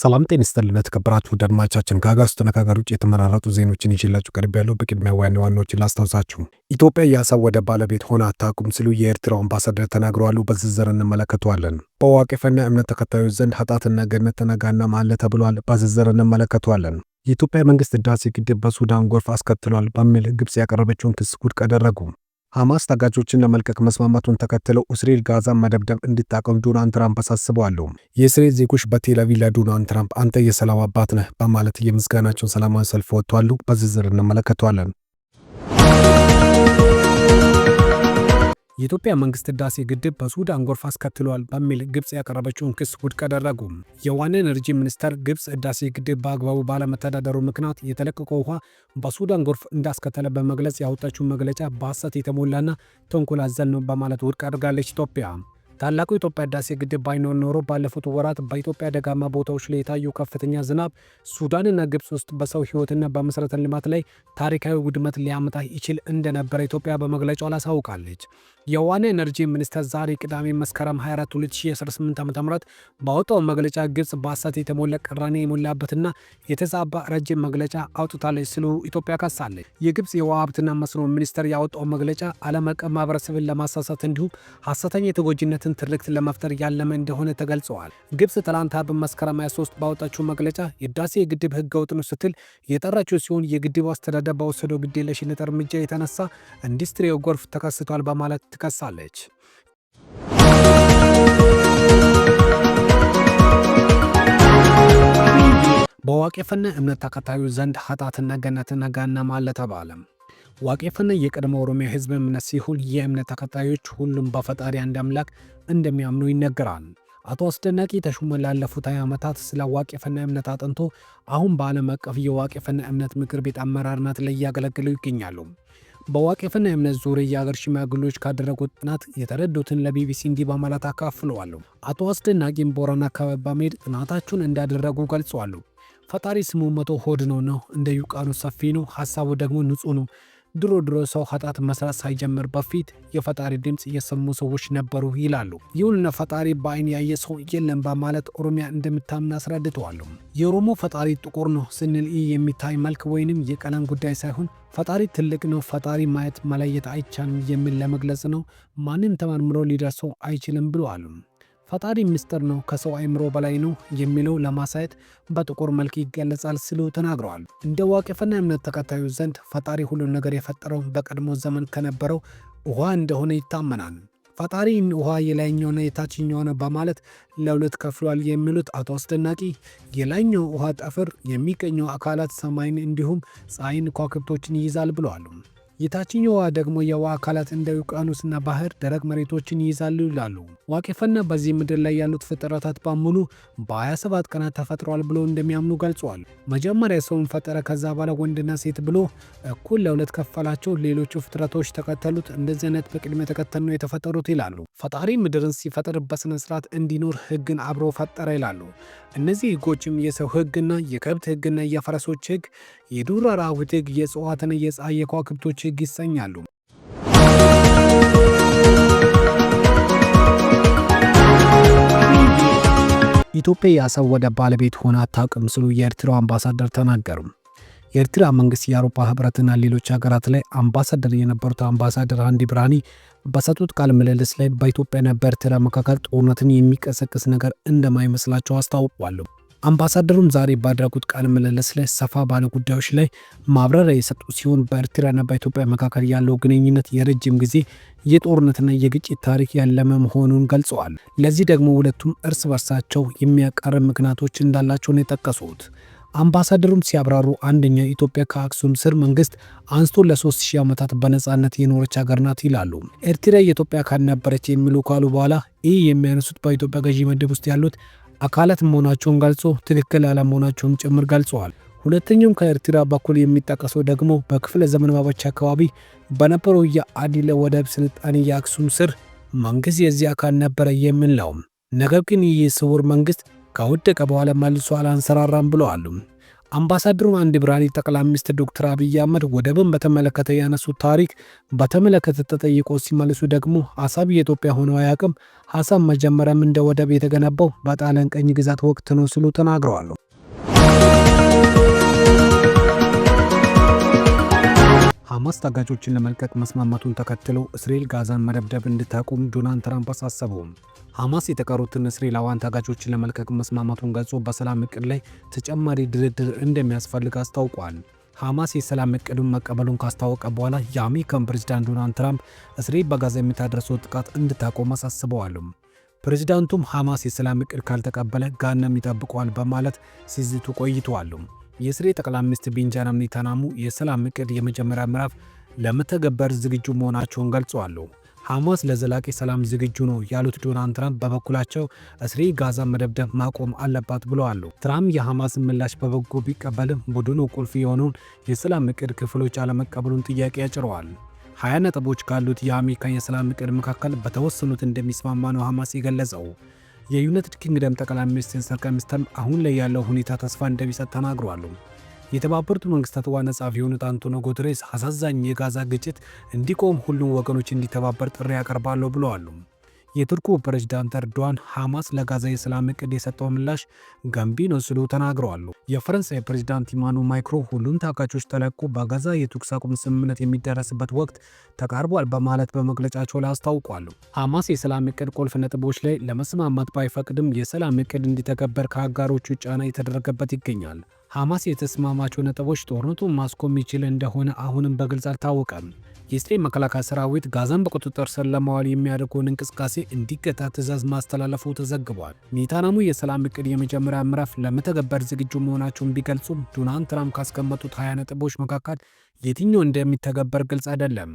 ሰላም ጤና ይስጥልን የተከበራችሁ አድማጮቻችን፣ ከሀገሪቱ ነካጋሪ ውጭ የተመራረጡ ዜናዎችን ይዤላችሁ ያለው። በቅድሚያ ዋና ዋናዎችን ላስታውሳችሁ። ኢትዮጵያ የአሰብ ወደብ ባለቤት ሆና አታውቅም ሲሉ የኤርትራው አምባሳደር ተናግረዋል። በዝርዝር እንመለከተዋለን። በዋቄፈና እምነት ተከታዮች ዘንድ ኃጢአትና ገነት ተነጋና ማለ ተብሏል። በዝርዝር እንመለከተዋለን። የኢትዮጵያ መንግስት ህዳሴ ግድብ በሱዳን ጎርፍ አስከትሏል በሚል ግብጽ ያቀረበችውን ክስ ውድቅ አደረጉ። ሐማስ ታጋቾችን ለመልቀቅ መስማማቱን ተከትለው እስራኤል ጋዛን መደብደብ እንድታቆም ዶናልድ ትራምፕ አሳስበዋል። የእስራኤል ዜጎች በቴልአቪቭ ለዶናልድ ትራምፕ አንተ የሰላም አባት ነህ በማለት የምስጋናቸውን ሰላማዊ ሰልፍ ወጥተዋል። በዝርዝር እንመለከተዋለን። የኢትዮጵያ መንግስት ህዳሴ ግድብ በሱዳን ጎርፍ አስከትሏል በሚል ግብፅ ያቀረበችውን ክስ ውድቅ አደረጉ። የውሃና ኢነርጂ ሚኒስቴር ግብፅ ህዳሴ ግድብ በአግባቡ ባለመተዳደሩ ምክንያት የተለቀቀው ውሃ በሱዳን ጎርፍ እንዳስከተለ በመግለጽ ያወጣችውን መግለጫ በሐሰት የተሞላና ተንኮል አዘል ነው በማለት ውድቅ አድርጋለች። ኢትዮጵያ ታላቁ የኢትዮጵያ ህዳሴ ግድብ ባይኖር ኖሮ ባለፉት ወራት በኢትዮጵያ ደጋማ ቦታዎች ላይ የታየው ከፍተኛ ዝናብ ሱዳንና ግብፅ ውስጥ በሰው ህይወትና በመሠረተ ልማት ላይ ታሪካዊ ውድመት ሊያመጣ ይችል እንደነበረ ኢትዮጵያ በመግለጫው አሳውቃለች። የዋና ኤነርጂ ሚኒስቴር ዛሬ ቅዳሜ መስከረም 24 2018 ዓ ም ባወጣው መግለጫ ግብጽ በሐሰት የተሞላ ቅራኔ የሞላበትና የተዛባ ረጅም መግለጫ አውጥታለች ሲሉ ኢትዮጵያ ከሳለች። የግብጽ የውሃ ሀብትና መስኖ ሚኒስቴር ያወጣው መግለጫ ዓለም አቀፍ ማህበረሰብን ለማሳሳት እንዲሁም ሐሰተኛ የተጎጂነትን ትርክት ለመፍጠር ያለመ እንደሆነ ተገልጸዋል። ግብጽ ትላንት አርብ መስከረም 23 ባወጣችው መግለጫ የህዳሴ ግድብ ህገወጥ ነው ስትል የጠራችው ሲሆን የግድቡ አስተዳደር በወሰደው ግዴለሽነት እርምጃ የተነሳ ኢንዱስትሪው ጎርፍ ተከስቷል በማለት ትከሳለች። በዋቄፈን እምነት ተከታዮች ዘንድ ኃጢአትና ገነትና ገሃነም ተባለ። ዋቄፈን የቀድሞ ኦሮሚያ ህዝብ እምነት ሲሆን የእምነት ተከታዮች ሁሉም በፈጣሪ አንድ አምላክ እንደሚያምኑ ይነገራል። አቶ አስደናቂ ተሾመ ላለፉት 20 ዓመታት ስለ ዋቄፈን እምነት አጥንቶ አሁን በዓለም አቀፍ የዋቄፈን እምነት ምክር ቤት አመራርነት ላይ እያገለገሉ ይገኛሉ። በአዋቂፍና የእምነት ዙር የአገር ሽማግሌዎች ካደረጉት ጥናት የተረዱትን ለቢቢሲ እንዲህ በማለት አካፍለዋሉ። አቶ አስደናቂም ቦረና አካባቢ በመሄድ ጥናታቸውን እንዳደረጉ ገልጸዋሉ። ፈጣሪ ስሙ መቶ ሆድ ነው ነው፣ እንደ ዩቃኑ ሰፊ ነው፣ ሀሳቡ ደግሞ ንጹህ ነው። ድሮ ድሮ ሰው ኃጢአት መስራት ሳይጀምር በፊት የፈጣሪ ድምፅ የሰሙ ሰዎች ነበሩ ይላሉ። ይሁንና ፈጣሪ በአይን ያየ ሰው የለም በማለት ኦሮሚያ እንደምታምን አስረድተዋለሁ። የኦሮሞ ፈጣሪ ጥቁር ነው ስንል ይህ የሚታይ መልክ ወይንም የቀለም ጉዳይ ሳይሆን ፈጣሪ ትልቅ ነው፣ ፈጣሪ ማየት መለየት አይቻልም የሚል ለመግለጽ ነው። ማንም ተመርምሮ ሊደርሰው አይችልም ብለዋል። ፈጣሪ ምስጢር ነው፣ ከሰው አእምሮ በላይ ነው የሚለው ለማሳየት በጥቁር መልክ ይገለጻል ሲሉ ተናግረዋል። እንደ ዋቄፈና እምነት ተከታዩ ዘንድ ፈጣሪ ሁሉን ነገር የፈጠረው በቀድሞ ዘመን ከነበረው ውሃ እንደሆነ ይታመናል። ፈጣሪ ውሃ የላይኛውና የታችኛው በማለት ለሁለት ከፍሏል የሚሉት አቶ አስደናቂ የላይኛው ውሃ ጠፍር የሚገኘው አካላት ሰማይን እንዲሁም ፀሐይን ከዋክብቶችን ይይዛል ብለዋል። የታችኛዋ ደግሞ የውሃ አካላት እንደ ውቅያኖስና ባህር ደረቅ መሬቶችን ይይዛሉ ይላሉ። ዋቄፈና በዚህ ምድር ላይ ያሉት ፍጥረታት በሙሉ በ27 ቀናት ተፈጥሯል ብሎ እንደሚያምኑ ገልጿል። መጀመሪያ ሰውን ፈጠረ፣ ከዛ በኋላ ወንድና ሴት ብሎ እኩል ለሁለት ከፈላቸው። ሌሎቹ ፍጥረቶች ተከተሉት። እንደዚህ አይነት በቅድመ ተከተል ነው የተፈጠሩት ይላሉ። ፈጣሪ ምድርን ሲፈጥር በስነ ስርዓት እንዲኖር ህግን አብሮ ፈጠረ ይላሉ። እነዚህ ህጎችም የሰው ህግና የከብት ህግና የፈረሶች ህግ፣ የዱር አራዊት ህግ፣ የእጽዋትና የፀሐይ የከዋክብቶች እጅግ ይሰኛሉ። ኢትዮጵያ የአሰብ ወደብ ባለቤት ሆና አታውቅም ሲሉ የኤርትራው አምባሳደር ተናገሩ። የኤርትራ መንግስት የአውሮፓ ህብረትና ሌሎች ሀገራት ላይ አምባሳደር የነበሩት አምባሳደር አንዲ ብርሃኒ በሰጡት ቃል ምልልስ ላይ በኢትዮጵያና በኤርትራ መካከል ጦርነትን የሚቀሰቅስ ነገር እንደማይመስላቸው አስታውቋሉ። አምባሳደሩም ዛሬ ባደረጉት ቃለ ምልልስ ላይ ሰፋ ባለ ጉዳዮች ላይ ማብራሪያ የሰጡ ሲሆን በኤርትራና በኢትዮጵያ መካከል ያለው ግንኙነት የረጅም ጊዜ የጦርነትና የግጭት ታሪክ ያለመ መሆኑን ገልጸዋል። ለዚህ ደግሞ ሁለቱም እርስ በርሳቸው የሚያቃርብ ምክንያቶች እንዳላቸው ነው የጠቀሱት። አምባሳደሩም ሲያብራሩ አንደኛው ኢትዮጵያ ከአክሱም ስር መንግስት አንስቶ ለ3000 ዓመታት በነፃነት የኖረች ሀገር ናት ይላሉ። ኤርትራ የኢትዮጵያ አካል ነበረች የሚሉ ካሉ በኋላ ይህ የሚያነሱት በኢትዮጵያ ገዢ መደብ ውስጥ ያሉት አካላት መሆናቸውን ገልጾ ትክክል አለመሆናቸውን ጭምር ገልጸዋል። ሁለተኛውም ከኤርትራ በኩል የሚጠቀሰው ደግሞ በክፍለ ዘመን ማበቻ አካባቢ በነበረው የአዲለ ወደብ ስልጣኔ የአክሱም ስር መንግስት የዚህ አካል ነበረ የሚል ነው። ነገር ግን ይህ ስውር መንግስት ከወደቀ በኋላ መልሶ አላንሰራራም ብለዋሉ። አምባሳደሩ አንድ ጠቅላይ ሚኒስትር ዶክተር አብይ አህመድ ወደብን በተመለከተ ያነሱት ታሪክ በተመለከተ ተጠይቆ ሲመልሱ ደግሞ አሰብ የኢትዮጵያ ሆነው አያውቅም፣ አሰብ መጀመሪያም እንደ ወደብ የተገነባው በጣሊያን ቀኝ ግዛት ወቅት ነው ሲሉ ተናግረዋል። ሐማስ ታጋቾችን ለመልቀቅ መስማማቱን ተከትሎ እስራኤል ጋዛን መደብደብ እንድታቆም ዶናልድ ትራምፕ አሳሰቡ። ሐማስ የተቀሩትን እስራኤላውያን ታጋቾችን ለመልቀቅ መስማማቱን ገልጾ በሰላም እቅድ ላይ ተጨማሪ ድርድር እንደሚያስፈልግ አስታውቋል። ሐማስ የሰላም እቅዱን መቀበሉን ካስታወቀ በኋላ የአሜሪካን ፕሬዚዳንት ዶናልድ ትራምፕ እስራኤል በጋዛ የምታደርሰው ጥቃት እንድታቆም አሳስበዋል። ፕሬዚዳንቱም ሐማስ የሰላም እቅድ ካልተቀበለ ገሃነም ይጠብቀዋል በማለት ሲዝቱ ቆይተዋል። የኤርትራ ጠቅላይ ሚኒስትር ቤንጃሚን ኔታንያሁ የሰላም እቅድ የመጀመሪያ ምዕራፍ ለመተገበር ዝግጁ መሆናቸውን ገልጸዋል። ሐማስ ለዘላቂ ሰላም ዝግጁ ነው ያሉት ዶናልድ ትራምፕ በበኩላቸው እስራኤል ጋዛ መደብደብ ማቆም አለባት ብለዋል። ትራምፕ የሐማስን ምላሽ በበጎ ቢቀበልም ቡድኑ ቁልፍ የሆነውን የሰላም እቅድ ክፍሎች አለመቀበሉን ጥያቄ ያጭረዋል። ሀያ ነጥቦች ካሉት የአሜሪካ የሰላም እቅድ መካከል በተወሰኑት እንደሚስማማ ነው ሐማስ የገለጸው። የዩናይትድ ኪንግደም ጠቅላይ ሚኒስትር ሰር ኪር አሁን ላይ ያለው ሁኔታ ተስፋ እንደሚሰጥ ተናግረዋል። የተባበሩት መንግስታት ዋና ጸሐፊ የሆኑት አንቶኒዮ ጉተሬስ አሳዛኝ የጋዛ ግጭት እንዲቆም ሁሉም ወገኖች እንዲተባበር ጥሪ ያቀርባሉ ብለዋል። የቱርኩ ፕሬዝዳንት ኤርዶዋን ሐማስ ለጋዛ የሰላም እቅድ የሰጠው ምላሽ ገንቢ ነው ሲሉ ተናግረዋል። የፈረንሳይ ፕሬዝዳንት ኢማኑ ማይክሮ ሁሉም ታጋቾች ተለቆ በጋዛ የተኩስ አቁም ስምምነት የሚደረስበት ወቅት ተቃርቧል በማለት በመግለጫቸው ላይ አስታውቋሉ። ሐማስ የሰላም እቅድ ቁልፍ ነጥቦች ላይ ለመስማማት ባይፈቅድም የሰላም እቅድ እንዲተገበር ከአጋሮቹ ጫና የተደረገበት ይገኛል። ሐማስ የተስማማቸው ነጥቦች ጦርነቱን ማስቆም ይችል እንደሆነ አሁንም በግልጽ አልታወቀም። የእስራኤል መከላከያ ሰራዊት ጋዛን በቁጥጥር ስር ለማዋል የሚያደርገውን እንቅስቃሴ እንዲገታ ትዕዛዝ ማስተላለፉ ተዘግቧል። ኔታንያሁ የሰላም እቅድ የመጀመሪያ ምዕራፍ ለመተገበር ዝግጁ መሆናቸውን ቢገልጹም ዶናልድ ትራምፕ ካስቀመጡት 20 ነጥቦች መካከል የትኛው እንደሚተገበር ግልጽ አይደለም።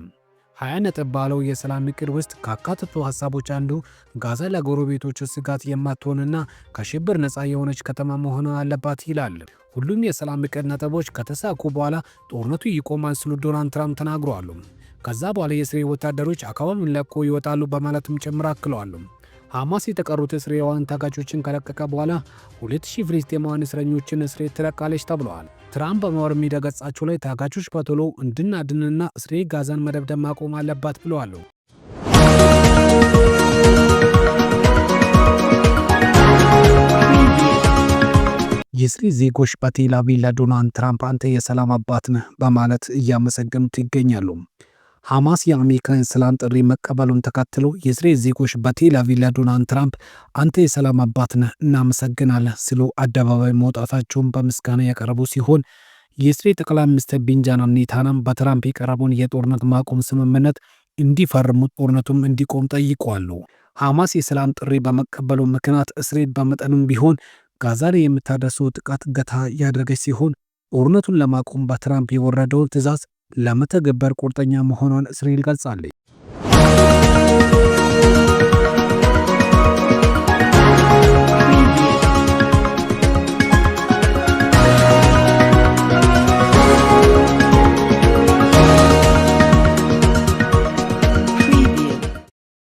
ሀያ ነጥብ ባለው የሰላም እቅድ ውስጥ ካካተቱ ሀሳቦች አንዱ ጋዛ ለጎረቤቶች ስጋት የማትሆንና ከሽብር ነፃ የሆነች ከተማ መሆን አለባት ይላል። ሁሉም የሰላም እቅድ ነጥቦች ከተሳኩ በኋላ ጦርነቱ ይቆማል ሲሉ ዶናልድ ትራምፕ ተናግረዋል። ከዛ በኋላ የእስራኤል ወታደሮች አካባቢውን ለቆ ይወጣሉ በማለትም ጭምር አክለዋል። ሐማስ የተቀሩት እስራኤላውያን ታጋቾችን ከለቀቀ በኋላ 2000 ፍልስጤማውያን እስረኞችን እስራኤል ትለቃለች ተብለዋል። ትራምፕ በማህበራዊ ሚዲያ ገጻቸው ላይ ታጋቾች በቶሎ እንድናድንና እስራኤል ጋዛን መደብደብ ማቆም አለባት ብለዋል። የእስራኤል ዜጎች በቴል አቪቭ ለዶናልድ ትራምፕ አንተ የሰላም አባት ነህ በማለት እያመሰገኑት ይገኛሉ። ሐማስ የአሜሪካን ሰላም ጥሪ መቀበሉን ተከትሎ የእስራኤል ዜጎች በቴል አቪቭ ለዶናልድ ትራምፕ አንተ የሰላም አባት ነህ እናመሰግናለህ ሲሉ አደባባይ መውጣታቸውን በምስጋና ያቀረቡ ሲሆን የእስራኤል ጠቅላይ ሚኒስትር ቤንጃሚን ኔታንያሁ በትራምፕ የቀረበውን የጦርነት ማቆም ስምምነት እንዲፈርሙ ጦርነቱም እንዲቆም ጠይቋሉ። ሐማስ የሰላም ጥሪ በመቀበሉ ምክንያት እስራኤል በመጠኑም ቢሆን ጋዛ ላይ የምታደርሰው ጥቃት ገታ ያደረገች ሲሆን ጦርነቱን ለማቆም በትራምፕ የወረደውን ትእዛዝ ለመተግበር ቁርጠኛ መሆኗን እስራኤል ገልጻለች።